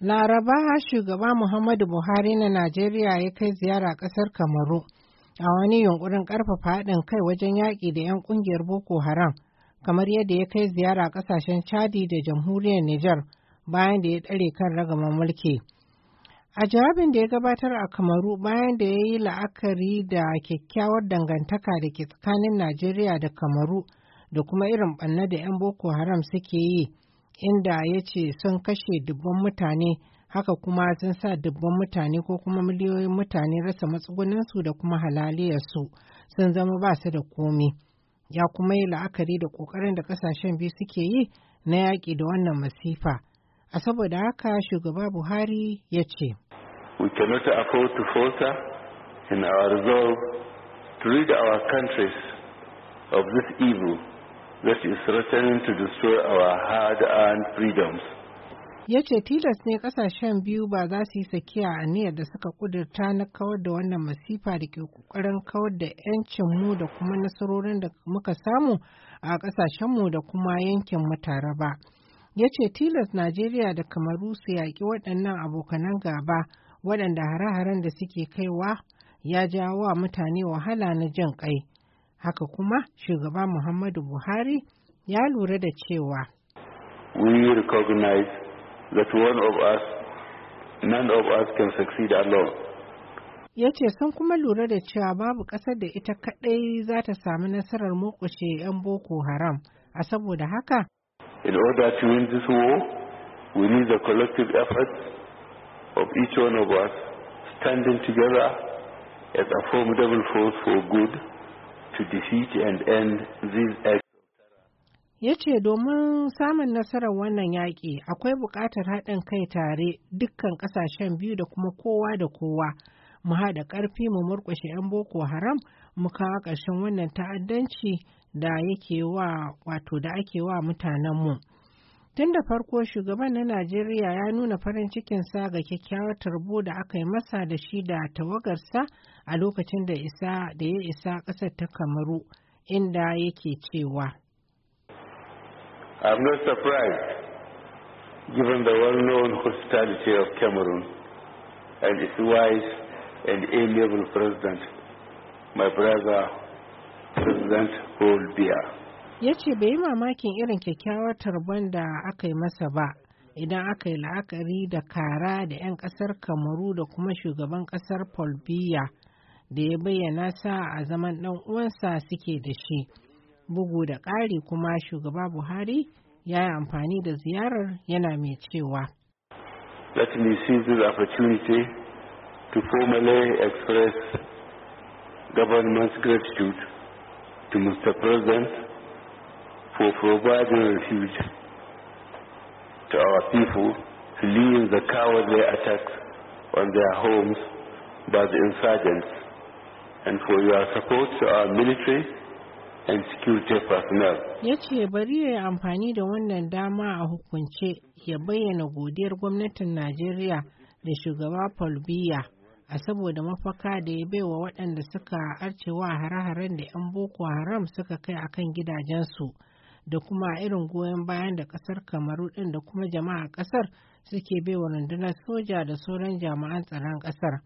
Laraba shugaba Muhammadu Buhari na Najeriya ya kai ziyara ƙasar Kamaru a wani yunkurin ƙarfafa haɗin kai wajen yaƙi da 'yan ƙungiyar Boko Haram, kamar yadda ya kai ziyara ƙasashen Chadi da jamhuriyar Nijar bayan da ya ɗare kan ragaman mulki. A jawabin da ya gabatar a Kamaru bayan da ya yi la'akari da kyakkyawar dangantaka da ke tsakanin Najeriya da Kamaru da kuma irin ɓanna da 'yan Boko Haram suke yi. inda ya ce sun kashe dubban mutane haka kuma sun sa dubban mutane ko kuma miliyoyin mutane rasa matsugunansu da kuma halaliyarsu sun zama ba su da komi ya kuma yi la'akari da ƙoƙarin da ƙasashen biyu suke yi na yaƙi da wannan masifa a saboda haka shugaba buhari ya ce we cannot afford to falter in our resolve to rid our countries of this evil that is threatening to destroy our hard-earned freedoms. ya ce tilas ne kasashen biyu ba za su yi sakiya a niyyar da suka kudurta na kawar da wannan masifa da ke kokarin kawar da 'yancinmu da kuma nasarorin da muka samu a kasashenmu da kuma yankin tare ba ya ce tilas najeriya da kamaru su yaƙi waɗannan abokanan gaba waɗanda hare-haren da suke kaiwa ya jawo wa mutane wahala na jin ƙai. Haka kuma shugaba Muhammadu Buhari ya lura da cewa We recognize that one of us, none of us can succeed alone. Ya ce sun kuma lura da cewa babu ƙasar da ita kaɗai za ta sami nasarar mokushe 'yan Boko Haram, a saboda haka. In order to win this war, we need the collective efforts of each one of us standing together as a formidable force for good to defeat and end these acts ya ce domin samun nasarar wannan yaƙi akwai buƙatar haɗin kai tare dukkan ƙasashen biyu da kuma kowa da kowa mu haɗa ƙarfi mu murƙushe 'yan boko haram mu kawo ƙarshen wannan ta'addanci da wato da ake wa mutanenmu Tun da farko shugaban na Najeriya ya nuna farin cikinsa ga kyakkyawar tarbo da aka yi masa da shi da tawagarsa a lokacin da isa da ya isa ƙasar ta Kamaru inda yake cewa. I'm not surprised given the well-known hostility of Cameroon and its wise and amiable president, my brother, President Paul Biya. ya ce bai yi mamakin irin kyakkyawar tarban da aka yi masa ba idan aka yi la'akari da kara da 'yan kasar kamaru da kuma shugaban kasar paul da ya bayyana sa a zaman dan uwansa suke da shi bugu da ƙari kuma shugaba buhari ya yi amfani da ziyarar yana mai cewa let me seize this opportunity to formally express government's gratitude to mr president for providing refuge to our people fleeing the cowardly attacks on their homes by the insurgents, and for your support to our military and security personnel. Ya ce bari ya yi amfani da wannan dama a hukunce ya bayyana godiyar gwamnatin Najeriya da shugaba Paul Biya a saboda mafaka da ya baiwa waɗanda suka arcewa hare-haren da 'yan Boko Haram suka kai akan gidajensu. gidajensu. da kuma irin goyon bayan da kasar kamaru ɗin da kuma jama'a kasar suke baiwa rundunar soja da sauran jami'an tsaron kasar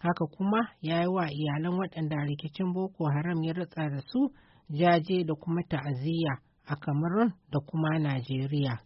haka kuma ya yi wa iyalan waɗanda rikicin boko haram ya ritsa da su jaje da kuma ta'aziyya a kamarun da kuma najeriya